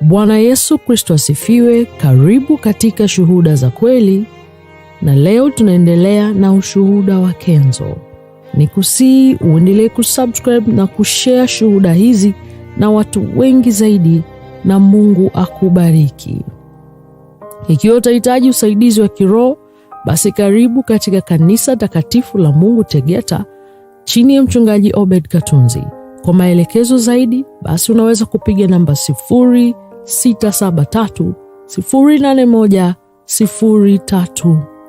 Bwana Yesu Kristo asifiwe. Karibu katika Shuhuda za Kweli, na leo tunaendelea na ushuhuda wa Kenzo. ni kusii uendelee kusubscribe na kushare shuhuda hizi na watu wengi zaidi na Mungu akubariki. Ikiwa utahitaji usaidizi wa kiroho, basi karibu katika kanisa takatifu la Mungu Tegeta chini ya mchungaji Obed Katunzi. Kwa maelekezo zaidi, basi unaweza kupiga namba 0673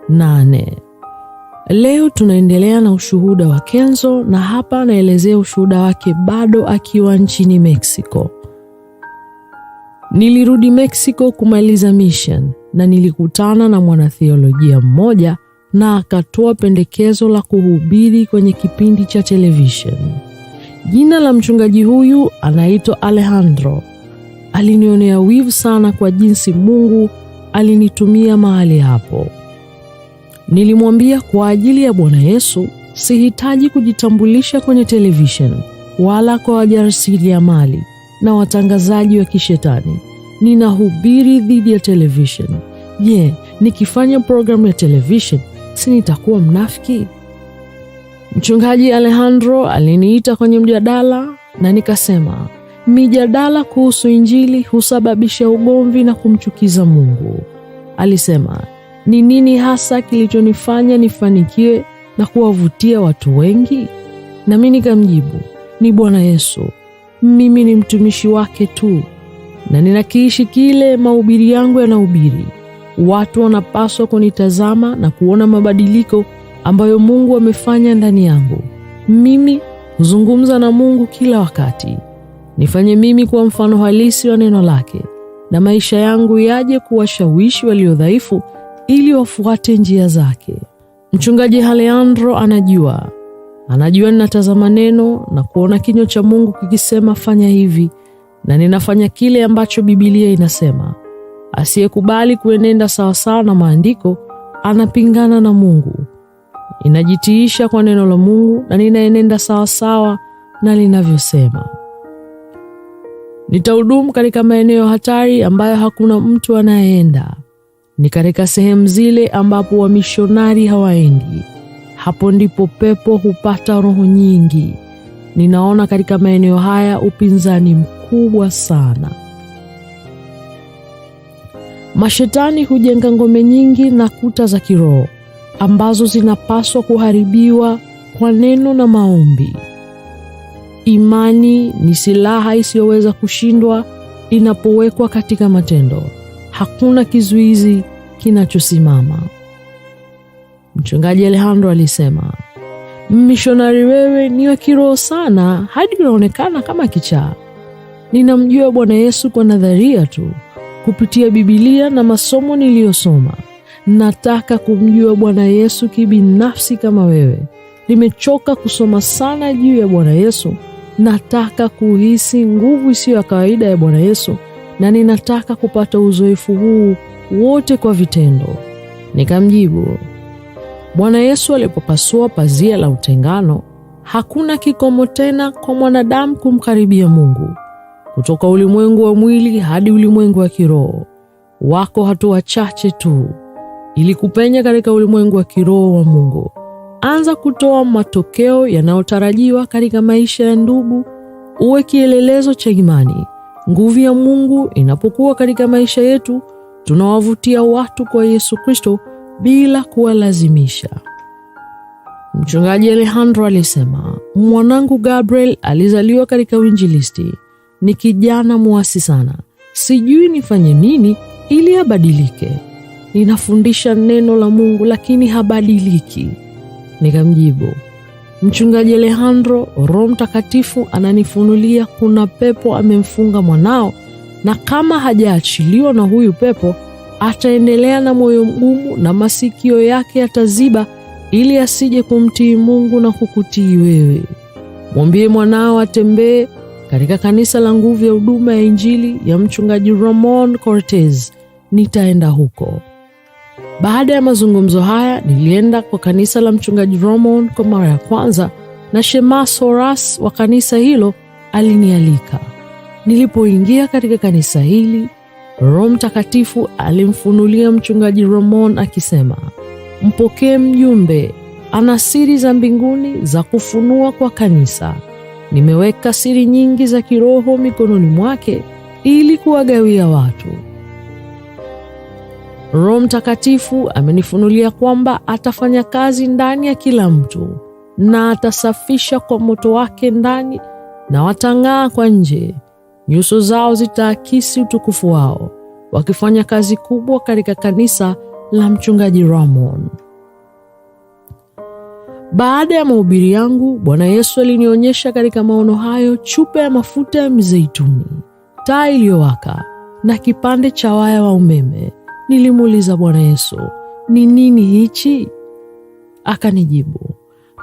081 Leo tunaendelea na ushuhuda wa Kenzo na hapa anaelezea ushuhuda wake bado akiwa nchini Mexico. Nilirudi Mexico kumaliza mission na nilikutana na mwanatheolojia mmoja na akatoa pendekezo la kuhubiri kwenye kipindi cha television. Jina la mchungaji huyu anaitwa Alejandro. Alinionea wivu sana kwa jinsi Mungu alinitumia mahali hapo. Nilimwambia kwa ajili ya Bwana Yesu sihitaji kujitambulisha kwenye television wala kwa wajasiriamali na watangazaji wa kishetani. Ninahubiri dhidi ya televishen. Je, nikifanya programu ya televishen si nitakuwa mnafiki? Mchungaji Alejandro aliniita kwenye mjadala na nikasema, mijadala kuhusu Injili husababisha ugomvi na kumchukiza Mungu. Alisema, ni nini hasa kilichonifanya nifanikiwe na kuwavutia watu wengi? Nami nikamjibu, ni Bwana Yesu mimi ni mtumishi wake tu na ninakiishi kile mahubiri yangu yanahubiri. Watu wanapaswa kunitazama na kuona mabadiliko ambayo Mungu amefanya ndani yangu. Mimi huzungumza na Mungu kila wakati. Nifanye mimi kuwa mfano halisi wa neno lake, na maisha yangu yaje kuwashawishi walio dhaifu ili wafuate njia zake. Mchungaji Haleandro anajua Anajua ninatazama neno na kuona kinywa cha Mungu kikisema fanya hivi, na ninafanya kile ambacho Bibilia inasema. Asiyekubali kuenenda sawasawa na maandiko anapingana na Mungu. Ninajitiisha kwa neno la Mungu na ninaenenda sawasawa na linavyosema. Nitahudumu katika maeneo hatari ambayo hakuna mtu anayeenda. Ni katika sehemu zile ambapo wamishonari hawaendi. Hapo ndipo pepo hupata roho nyingi. Ninaona katika maeneo haya upinzani mkubwa sana. Mashetani hujenga ngome nyingi na kuta za kiroho ambazo zinapaswa kuharibiwa kwa neno na maombi. Imani ni silaha isiyoweza kushindwa inapowekwa katika matendo. Hakuna kizuizi kinachosimama. Mchungaji Alejandro alisema, mishonari wewe ni wa kiroho sana hadi unaonekana kama kichaa. Ninamjua Bwana Yesu kwa nadharia tu kupitia Bibilia na masomo niliyosoma. Nataka kumjua Bwana Yesu kibinafsi kama wewe. Nimechoka kusoma sana juu ya Bwana Yesu. Nataka kuhisi nguvu isiyo ya kawaida ya Bwana Yesu, na ninataka kupata uzoefu huu wote kwa vitendo. Nikamjibu, Bwana Yesu alipopasua pazia la utengano, hakuna kikomo tena kwa mwanadamu kumkaribia Mungu. Kutoka ulimwengu wa mwili hadi ulimwengu wa kiroho, wako hatua chache tu ili kupenya katika ulimwengu wa kiroho wa Mungu. Anza kutoa matokeo yanayotarajiwa katika maisha ya ndugu. Uwe kielelezo cha imani. Nguvu ya Mungu inapokuwa katika maisha yetu, tunawavutia watu kwa Yesu Kristo bila kuwalazimisha. Mchungaji Alejandro alisema, mwanangu Gabriel alizaliwa katika uinjilisti, ni kijana mwasi sana, sijui nifanye nini ili abadilike. Ninafundisha neno la Mungu lakini habadiliki. Nikamjibu, Mchungaji Alejandro, Roho Mtakatifu ananifunulia kuna pepo amemfunga mwanao, na kama hajaachiliwa na huyu pepo ataendelea na moyo mgumu na masikio yake yataziba, ili asije kumtii Mungu na kukutii wewe. Mwambie mwanao atembee katika kanisa la Nguvu ya Huduma ya Injili ya Mchungaji Ramon Cortez. Nitaenda huko. Baada ya mazungumzo haya, nilienda kwa kanisa la Mchungaji Ramon kwa mara ya kwanza, na Shema Soras wa kanisa hilo alinialika. Nilipoingia katika kanisa hili Roho Mtakatifu alimfunulia mchungaji Ramon akisema, mpokee mjumbe, ana siri za mbinguni za kufunua kwa kanisa. Nimeweka siri nyingi za kiroho mikononi mwake ili kuwagawia watu. Roho Mtakatifu amenifunulia kwamba atafanya kazi ndani ya kila mtu na atasafisha kwa moto wake ndani na watang'aa kwa nje nyuso zao zitaakisi utukufu wao, wakifanya kazi kubwa katika kanisa la mchungaji Ramon. Baada ya mahubiri yangu, Bwana Yesu alinionyesha katika maono hayo chupa ya mafuta ya mzeituni, taa iliyowaka na kipande cha waya wa umeme. Nilimuuliza Bwana Yesu, ni nini hichi? Akanijibu,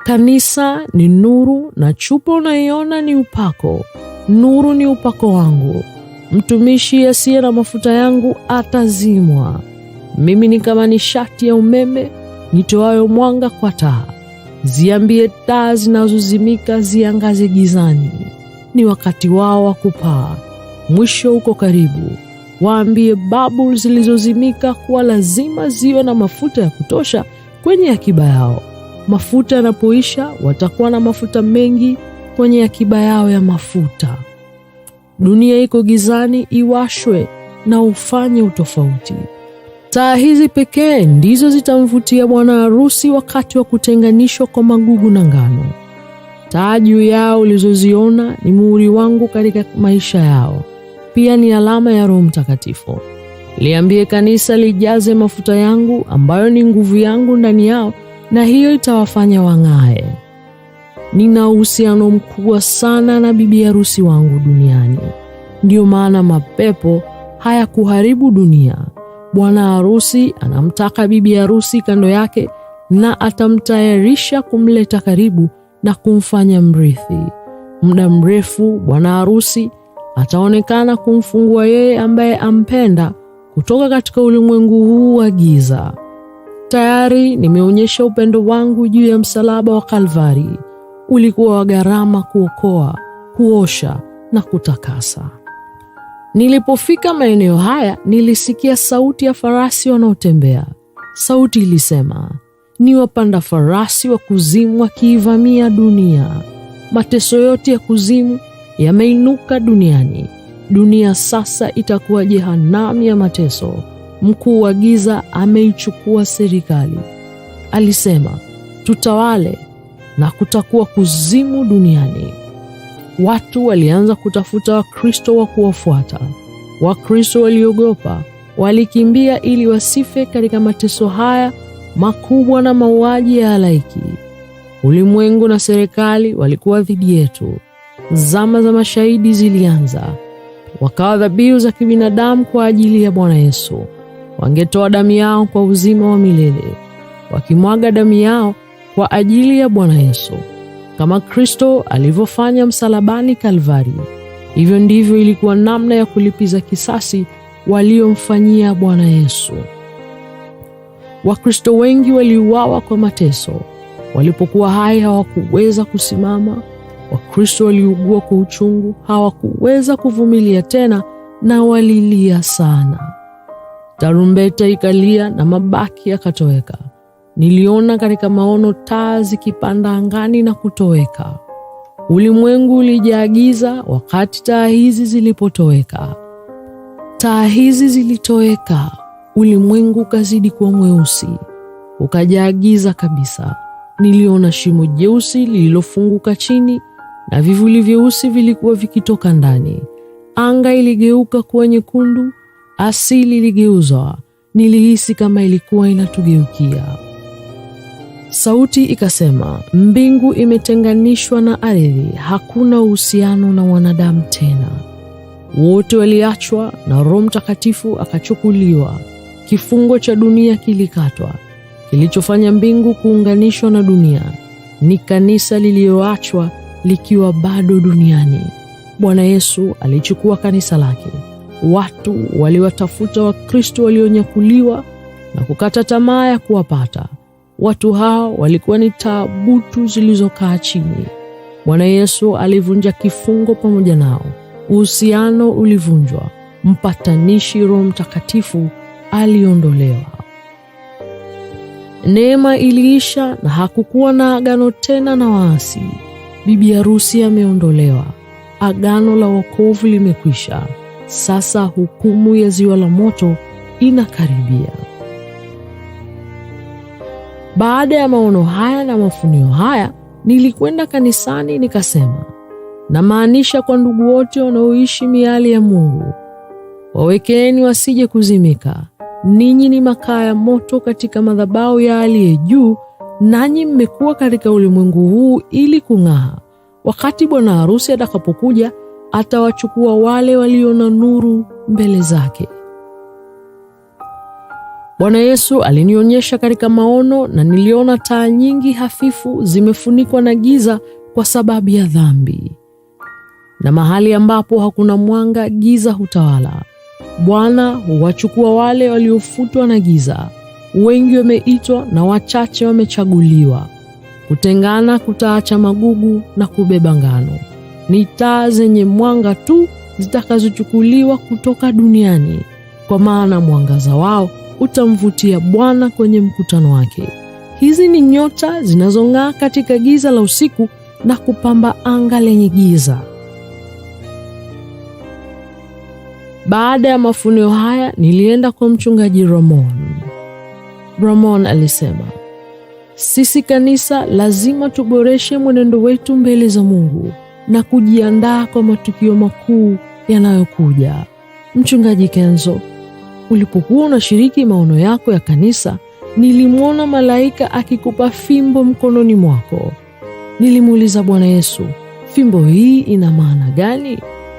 kanisa ni nuru na chupa unayoiona ni upako Nuru ni upako wangu, mtumishi asiye na mafuta yangu atazimwa. Mimi ni kama nishati ya umeme nitoayo mwanga kwa taa. Ziambie taa zinazozimika ziangaze gizani, ni wakati wao wa kupaa, mwisho uko karibu. Waambie babu zilizozimika kuwa lazima ziwe na mafuta ya kutosha kwenye akiba yao. Mafuta yanapoisha, watakuwa na mafuta mengi kwenye akiba yao ya mafuta. Dunia iko gizani, iwashwe na ufanye utofauti. Taa hizi pekee ndizo zitamvutia bwana harusi wakati wa kutenganishwa kwa magugu na ngano. Taa juu yao ulizoziona ni muhuri wangu katika maisha yao, pia ni alama ya Roho Mtakatifu. Liambie kanisa lijaze mafuta yangu ambayo ni nguvu yangu ndani yao, na hiyo itawafanya wang'ae. Nina uhusiano mkubwa sana na bibi harusi wangu duniani, ndiyo maana mapepo hayakuharibu dunia. Bwana harusi anamtaka bibi harusi kando yake na atamtayarisha kumleta karibu na kumfanya mrithi. Muda mrefu bwana harusi ataonekana kumfungua yeye ambaye ampenda kutoka katika ulimwengu huu wa giza. Tayari nimeonyesha upendo wangu juu ya msalaba wa Kalvari ulikuwa wa gharama kuokoa, kuosha na kutakasa. Nilipofika maeneo haya, nilisikia sauti ya farasi wanaotembea. Sauti ilisema, ni wapanda farasi wa kuzimu wakiivamia dunia. Mateso yote ya kuzimu yameinuka duniani. Dunia sasa itakuwa jehanamu ya mateso. Mkuu wa giza ameichukua serikali. Alisema, tutawale na kutakuwa kuzimu duniani. Watu walianza kutafuta Wakristo wa kuwafuata. Wakristo waliogopa, walikimbia ili wasife katika mateso haya makubwa na mauaji ya halaiki. Ulimwengu na serikali walikuwa dhidi yetu. Zama za mashahidi zilianza, wakawa dhabihu za kibinadamu kwa ajili ya Bwana Yesu. Wangetoa damu yao kwa uzima wa milele, wakimwaga damu yao kwa ajili ya Bwana Yesu, kama Kristo alivyofanya msalabani Kalvari. Hivyo ndivyo ilikuwa namna ya kulipiza kisasi waliomfanyia Bwana Yesu. Wakristo wengi waliuawa kwa mateso. Walipokuwa hai hawakuweza kusimama. Wakristo waliugua kwa uchungu, hawakuweza kuvumilia tena na walilia sana. Tarumbeta ikalia na mabaki yakatoweka. Niliona katika maono taa zikipanda angani na kutoweka. Ulimwengu ulijaagiza wakati taa hizi zilipotoweka. Taa hizi zilitoweka, ulimwengu ukazidi kuwa mweusi, ukajaagiza kabisa. Niliona shimo jeusi lililofunguka chini na vivuli vyeusi vilikuwa vikitoka ndani. Anga iligeuka kuwa nyekundu, asili iligeuzwa. Nilihisi kama ilikuwa inatugeukia. Sauti ikasema, mbingu imetenganishwa na ardhi, hakuna uhusiano na wanadamu tena. Wote waliachwa na Roho Mtakatifu akachukuliwa. Kifungo cha dunia kilikatwa. Kilichofanya mbingu kuunganishwa na dunia ni kanisa liliyoachwa likiwa bado duniani. Bwana Yesu alichukua kanisa lake. Watu waliwatafuta Wakristo walionyakuliwa na kukata tamaa ya kuwapata. Watu hao walikuwa ni tabutu zilizokaa chini. Bwana Yesu alivunja kifungo pamoja nao, uhusiano ulivunjwa, mpatanishi Roho Mtakatifu aliondolewa. Neema iliisha na hakukuwa na agano tena na waasi. Bibi harusi ameondolewa, agano la wokovu limekwisha. Sasa hukumu ya ziwa la moto inakaribia. Baada ya maono haya na mafunio haya, nilikwenda kanisani nikasema, namaanisha kwa ndugu wote wanaoishi miali ya Mungu, wawekeeni wasije kuzimika. Ninyi ni makaa ya moto katika madhabahu ya aliye juu, nanyi mmekuwa katika ulimwengu huu ili kung'aa. Wakati bwana harusi atakapokuja, atawachukua wale walio na nuru mbele zake. Bwana Yesu alinionyesha katika maono na niliona taa nyingi hafifu zimefunikwa na giza kwa sababu ya dhambi. Na mahali ambapo hakuna mwanga, giza hutawala. Bwana huwachukua wale waliofutwa na giza. Wengi wameitwa na wachache wamechaguliwa. Kutengana kutaacha magugu na kubeba ngano. Ni taa zenye mwanga tu zitakazochukuliwa kutoka duniani, kwa maana mwangaza wao utamvutia Bwana kwenye mkutano wake. Hizi ni nyota zinazong'aa katika giza la usiku na kupamba anga lenye giza. Baada ya mafunio haya, nilienda kwa mchungaji Ramon. Ramon alisema, sisi kanisa lazima tuboreshe mwenendo wetu mbele za Mungu na kujiandaa kwa matukio makuu yanayokuja. Mchungaji Kenzo Ulipokuwa unashiriki maono yako ya kanisa, nilimwona malaika akikupa fimbo mkononi mwako. Nilimuuliza Bwana Yesu, fimbo hii ina maana gani?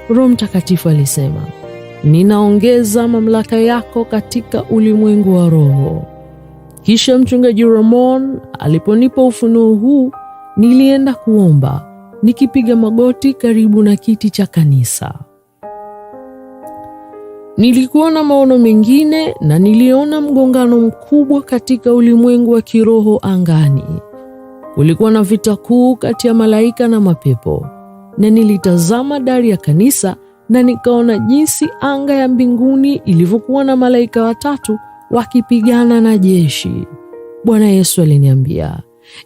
Roho Mtakatifu alisema, ninaongeza mamlaka yako katika ulimwengu wa roho. Kisha mchungaji Ramon aliponipa ufunuo huu, nilienda kuomba nikipiga magoti karibu na kiti cha kanisa. Nilikuwa na maono mengine na niliona mgongano mkubwa katika ulimwengu wa kiroho angani. Kulikuwa na vita kuu kati ya malaika na mapepo, na nilitazama dari ya kanisa na nikaona jinsi anga ya mbinguni ilivyokuwa na malaika watatu wakipigana na jeshi. Bwana Yesu aliniambia,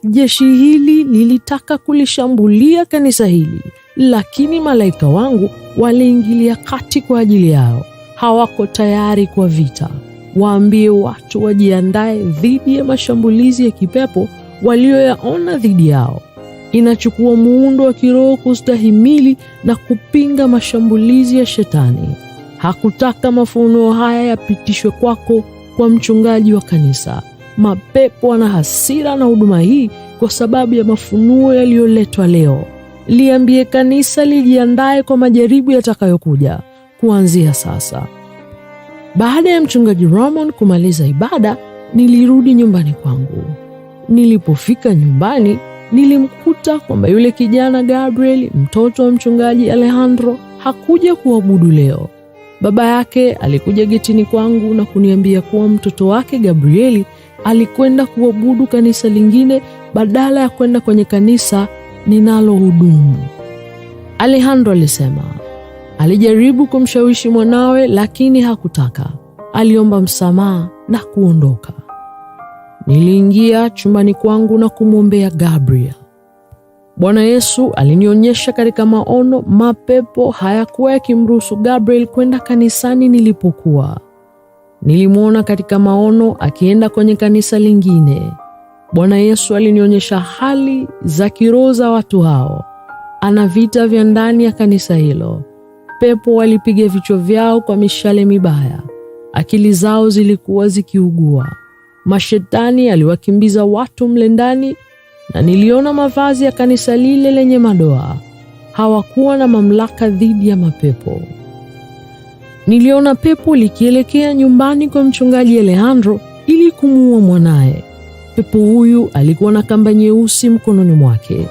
jeshi hili lilitaka kulishambulia kanisa hili, lakini malaika wangu waliingilia kati kwa ajili yao hawako tayari kwa vita. Waambie watu wajiandae dhidi ya mashambulizi ya kipepo walioyaona dhidi yao. Inachukua muundo wa kiroho kustahimili na kupinga mashambulizi ya Shetani. Hakutaka mafunuo haya yapitishwe kwako kwa mchungaji wa kanisa. Mapepo ana hasira na huduma hii kwa sababu ya mafunuo yaliyoletwa leo. Liambie kanisa lijiandae kwa majaribu yatakayokuja kuanzia sasa. Baada ya mchungaji Ramon kumaliza ibada, nilirudi nyumbani kwangu. Nilipofika nyumbani, nilimkuta kwamba yule kijana Gabriel, mtoto wa mchungaji Alejandro, hakuja kuabudu leo. Baba yake alikuja getini kwangu na kuniambia kuwa mtoto wake Gabrieli alikwenda kuabudu kanisa lingine badala ya kwenda kwenye kanisa ninalohudumu. Alejandro alisema Alijaribu kumshawishi mwanawe lakini hakutaka. Aliomba msamaha na kuondoka. Niliingia chumbani kwangu na kumwombea Gabriel. Bwana Yesu alinionyesha katika maono, mapepo hayakuwa yakimruhusu Gabriel kwenda kanisani nilipokuwa. Nilimwona katika maono akienda kwenye kanisa lingine. Bwana Yesu alinionyesha hali za kiroho za watu hao, ana vita vya ndani ya kanisa hilo. Pepo walipiga vichwa vyao kwa mishale mibaya, akili zao zilikuwa zikiugua. Mashetani aliwakimbiza watu mle ndani, na niliona mavazi ya kanisa lile lenye madoa. Hawakuwa na mamlaka dhidi ya mapepo. Niliona pepo likielekea nyumbani kwa mchungaji Alejandro ili kumuua mwanaye. Pepo huyu alikuwa na kamba nyeusi mkononi mwake.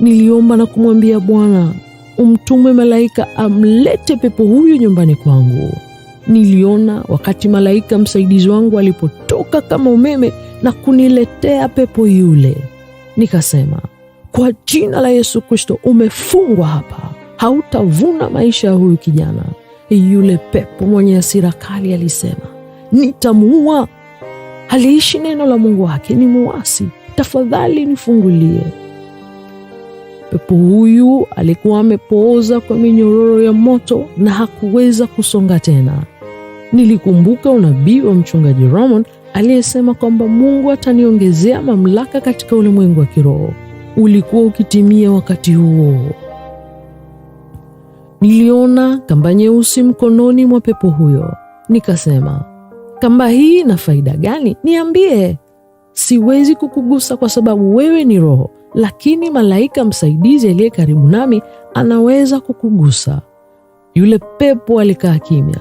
Niliomba na kumwambia Bwana, umtume malaika amlete pepo huyu nyumbani kwangu. Niliona wakati malaika msaidizi wangu alipotoka kama umeme na kuniletea pepo yule. Nikasema, kwa jina la Yesu Kristo, umefungwa hapa, hautavuna maisha ya huyu kijana. Yule pepo mwenye hasira kali alisema, nitamuua. Haliishi neno la Mungu wake, ni muasi. Tafadhali nifungulie. Pepo huyu alikuwa amepooza kwa minyororo ya moto na hakuweza kusonga tena. Nilikumbuka unabii wa mchungaji Ramon aliyesema kwamba Mungu ataniongezea mamlaka katika ulimwengu wa kiroho. Ulikuwa ukitimia wakati huo. Niliona kamba nyeusi mkononi mwa pepo huyo. Nikasema, kamba hii ina faida gani? Niambie, siwezi kukugusa kwa sababu wewe ni roho lakini malaika msaidizi aliye karibu nami anaweza kukugusa. Yule pepo alikaa kimya.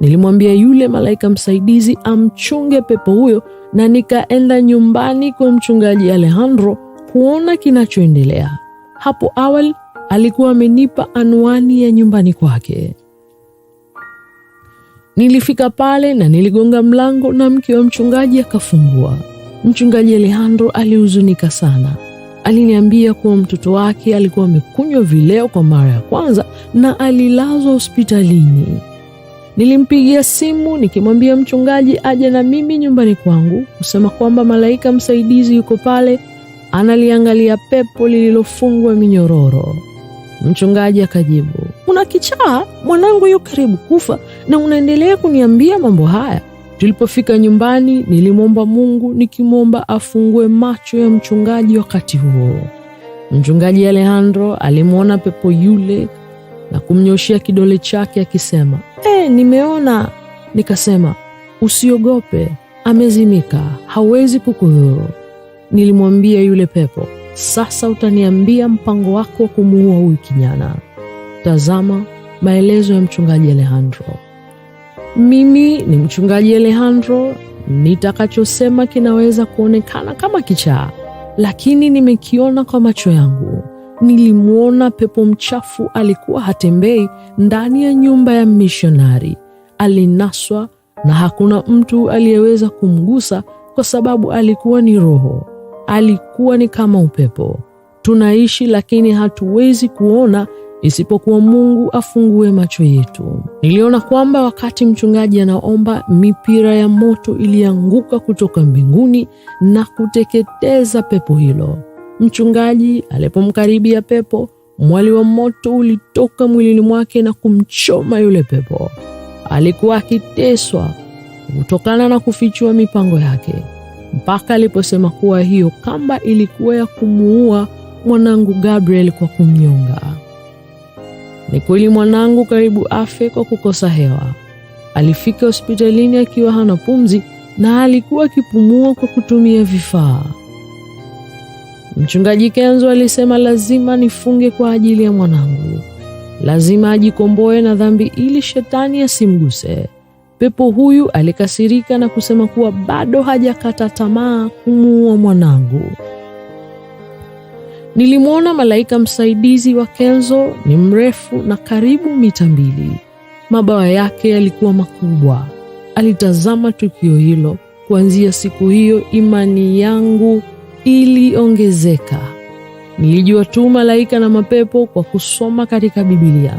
Nilimwambia yule malaika msaidizi amchunge pepo huyo, na nikaenda nyumbani kwa mchungaji Alejandro kuona kinachoendelea. Hapo awali alikuwa amenipa anwani ya nyumbani kwake. Nilifika pale na niligonga mlango, na mke wa mchungaji akafungua. Mchungaji Alejandro alihuzunika sana aliniambia kuwa mtoto wake alikuwa amekunywa vileo kwa mara ya kwanza na alilazwa hospitalini. Nilimpigia simu nikimwambia mchungaji aje na mimi nyumbani kwangu, kusema kwamba malaika msaidizi yuko pale analiangalia pepo lililofungwa minyororo. Mchungaji akajibu, una kichaa? Mwanangu yu karibu kufa na unaendelea kuniambia mambo haya. Tulipofika nyumbani, nilimwomba Mungu nikimwomba afungue macho ya mchungaji. Wakati huo mchungaji Alejandro alimwona pepo yule na kumnyoshia kidole chake akisema, e, nimeona. Nikasema, usiogope, amezimika, hawezi kukudhuru. Nilimwambia yule pepo, sasa utaniambia mpango wako wa kumuua huyu kijana. Tazama maelezo ya mchungaji Alejandro. Mimi ni mchungaji Alejandro. Nitakachosema kinaweza kuonekana kama kichaa, lakini nimekiona kwa macho yangu. Nilimwona pepo mchafu alikuwa hatembei ndani ya nyumba ya mishonari. Alinaswa na hakuna mtu aliyeweza kumgusa kwa sababu alikuwa ni roho, alikuwa ni kama upepo. Tunaishi lakini hatuwezi kuona isipokuwa Mungu afungue macho yetu. Niliona kwamba wakati mchungaji anaomba, mipira ya moto ilianguka kutoka mbinguni na kuteketeza pepo hilo. Mchungaji alipomkaribia pepo, mwali wa moto ulitoka mwilini mwake na kumchoma yule pepo. Alikuwa akiteswa kutokana na kufichua mipango yake, mpaka aliposema kuwa hiyo kamba ilikuwa ya kumuua mwanangu Gabriel kwa kumnyonga. Ni kweli mwanangu karibu afe kwa kukosa hewa. Alifika hospitalini akiwa hana pumzi na alikuwa akipumua kwa kutumia vifaa. Mchungaji Kenzo alisema lazima nifunge kwa ajili ya mwanangu, lazima ajikomboe na dhambi ili shetani asimguse. Pepo huyu alikasirika na kusema kuwa bado hajakata tamaa kumuua mwanangu. Nilimwona malaika msaidizi wa Kenzo, ni mrefu na karibu mita mbili. Mabawa yake yalikuwa makubwa. Alitazama tukio hilo. Kuanzia siku hiyo, imani yangu iliongezeka. Nilijua tu malaika na mapepo kwa kusoma katika Biblia,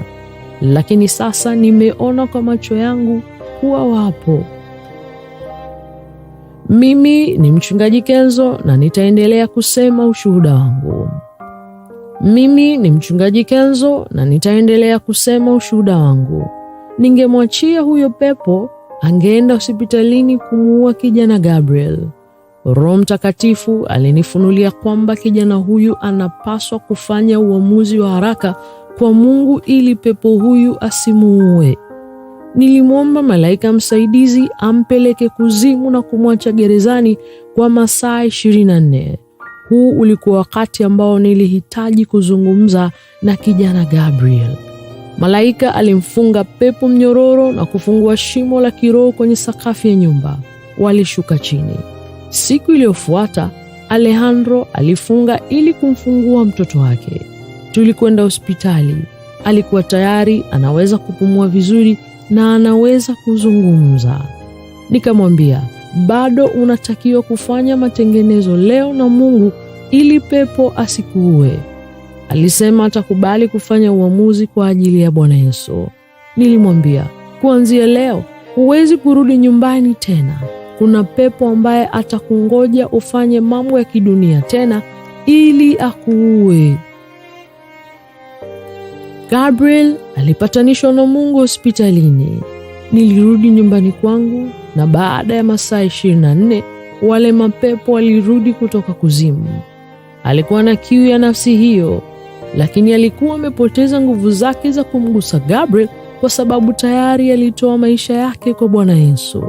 lakini sasa nimeona kwa macho yangu kuwa wapo. Mimi ni mchungaji Kenzo na nitaendelea kusema ushuhuda wangu. Mimi ni mchungaji Kenzo na nitaendelea kusema ushuhuda wangu. Ningemwachia huyo pepo, angeenda hospitalini kumuua kijana Gabriel. Roho Mtakatifu alinifunulia kwamba kijana huyu anapaswa kufanya uamuzi wa haraka kwa Mungu ili pepo huyu asimuue. Nilimwomba malaika msaidizi ampeleke kuzimu na kumwacha gerezani kwa masaa 24. Huu ulikuwa wakati ambao nilihitaji kuzungumza na kijana Gabriel. Malaika alimfunga pepo mnyororo na kufungua shimo la kiroho kwenye sakafu ya nyumba. Walishuka chini. Siku iliyofuata Alejandro alifunga ili kumfungua mtoto wake. Tulikwenda hospitali. Alikuwa tayari anaweza kupumua vizuri na anaweza kuzungumza. Nikamwambia bado unatakiwa kufanya matengenezo leo na Mungu ili pepo asikuue. Alisema atakubali kufanya uamuzi kwa ajili ya Bwana Yesu. Nilimwambia, kuanzia leo huwezi kurudi nyumbani tena. Kuna pepo ambaye atakungoja ufanye mambo ya kidunia tena ili akuue. Gabriel alipatanishwa na Mungu hospitalini. Nilirudi nyumbani kwangu na baada ya masaa ishirini na nne wale mapepo walirudi kutoka kuzimu. Alikuwa na kiu ya nafsi hiyo, lakini alikuwa amepoteza nguvu zake za kumgusa Gabriel kwa sababu tayari alitoa maisha yake kwa Bwana Yesu.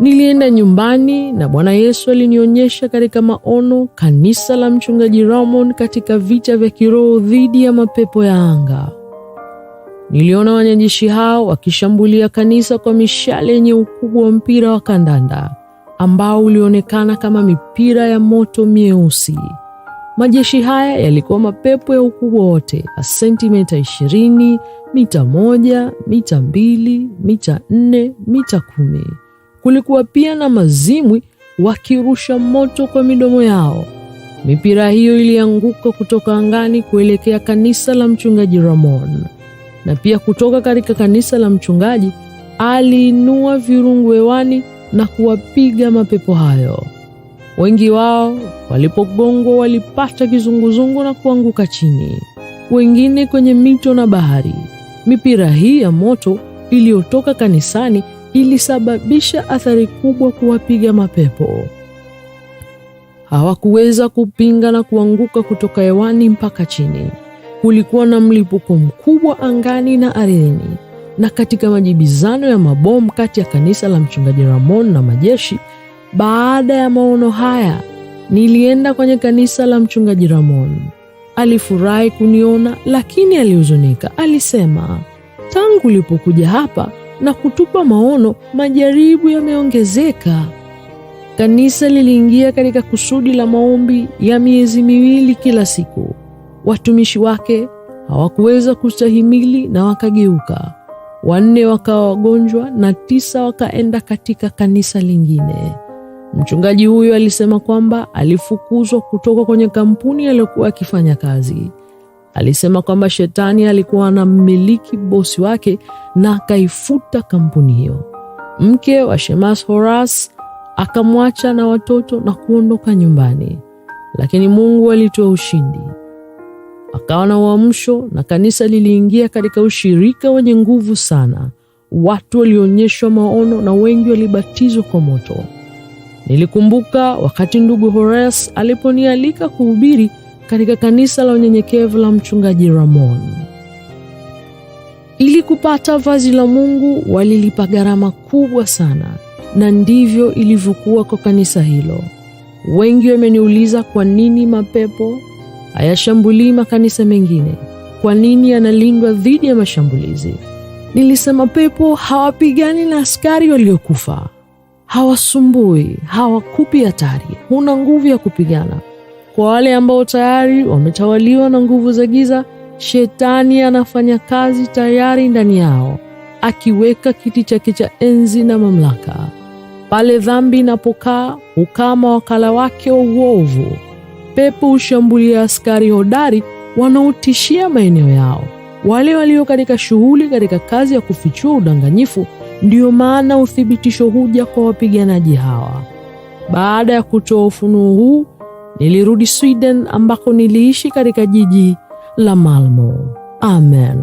Nilienda nyumbani na Bwana Yesu alinionyesha katika maono kanisa la mchungaji Ramon katika vita vya kiroho dhidi ya mapepo ya anga. Niliona wanajeshi hao wakishambulia kanisa kwa mishale yenye ukubwa wa mpira wa kandanda ambao ulionekana kama mipira ya moto mieusi. Majeshi haya yalikuwa mapepo ya ukubwa wote, ya sentimita 20, mita moja, mita mbili, mita nne, mita kumi. Kulikuwa pia na mazimwi wakirusha moto kwa midomo yao. Mipira hiyo ilianguka kutoka angani kuelekea kanisa la mchungaji Ramon na pia kutoka katika kanisa la mchungaji aliinua virungu hewani na kuwapiga mapepo hayo. Wengi wao walipogongwa walipata kizunguzungu na kuanguka chini, wengine kwenye mito na bahari. Mipira hii ya moto iliyotoka kanisani ilisababisha athari kubwa kuwapiga mapepo. Hawakuweza kupinga na kuanguka kutoka hewani mpaka chini kulikuwa na mlipuko mkubwa angani na ardhini, na katika majibizano ya mabomu kati ya kanisa la mchungaji Ramon na majeshi. Baada ya maono haya, nilienda kwenye kanisa la mchungaji Ramon. Alifurahi kuniona, lakini alihuzunika. Alisema, tangu ulipokuja hapa na kutupa maono, majaribu yameongezeka. Kanisa liliingia katika kusudi la maombi ya miezi miwili kila siku. Watumishi wake hawakuweza kustahimili na wakageuka, wanne wakawa wagonjwa na tisa wakaenda katika kanisa lingine. Mchungaji huyo alisema kwamba alifukuzwa kutoka kwenye kampuni aliyokuwa akifanya kazi. Alisema kwamba shetani alikuwa anammiliki bosi wake na akaifuta kampuni hiyo. Mke wa Shemas Horas akamwacha na watoto na kuondoka nyumbani, lakini Mungu alitoa ushindi. Kukawa na uamsho na kanisa liliingia katika ushirika wenye nguvu sana. Watu walionyeshwa maono na wengi walibatizwa kwa moto. Nilikumbuka wakati ndugu Horace aliponialika kuhubiri katika kanisa la unyenyekevu la mchungaji Ramon. Ili kupata vazi la Mungu walilipa gharama kubwa sana, na ndivyo ilivyokuwa kwa kanisa hilo. Wengi wameniuliza kwa nini mapepo hayashambulii makanisa mengine? Kwa nini yanalindwa dhidi ya mashambulizi? Nilisema pepo hawapigani na askari waliokufa, hawasumbui, hawakupi hatari, huna nguvu ya kupigana. Kwa wale ambao tayari wametawaliwa na nguvu za giza, shetani anafanya kazi tayari ndani yao, akiweka kiti chake cha enzi na mamlaka. Pale dhambi inapokaa, hukaa mawakala wake wa uovu pepo hushambulia askari hodari wanaotishia maeneo yao, wale walio katika shughuli katika kazi ya kufichua udanganyifu. Ndiyo maana uthibitisho huja kwa wapiganaji hawa. Baada ya kutoa ufunuo huu, nilirudi Sweden ambako niliishi katika jiji la Malmo. Amen.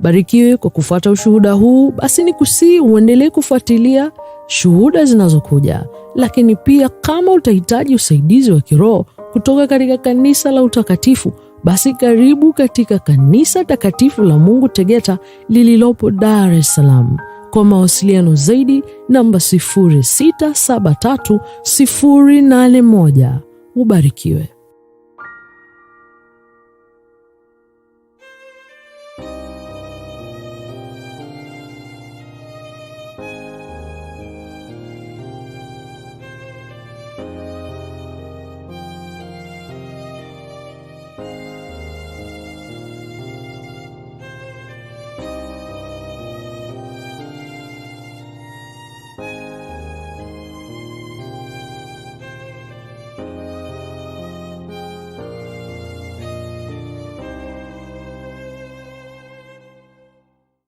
Barikiwe kwa kufuata ushuhuda huu. Basi nikusii uendelee kufuatilia shuhuda zinazokuja, lakini pia kama utahitaji usaidizi wa kiroho kutoka katika kanisa la utakatifu, basi karibu katika kanisa takatifu la Mungu Tegeta lililopo Dar es Salaam. Kwa mawasiliano zaidi namba 0673 081. Ubarikiwe.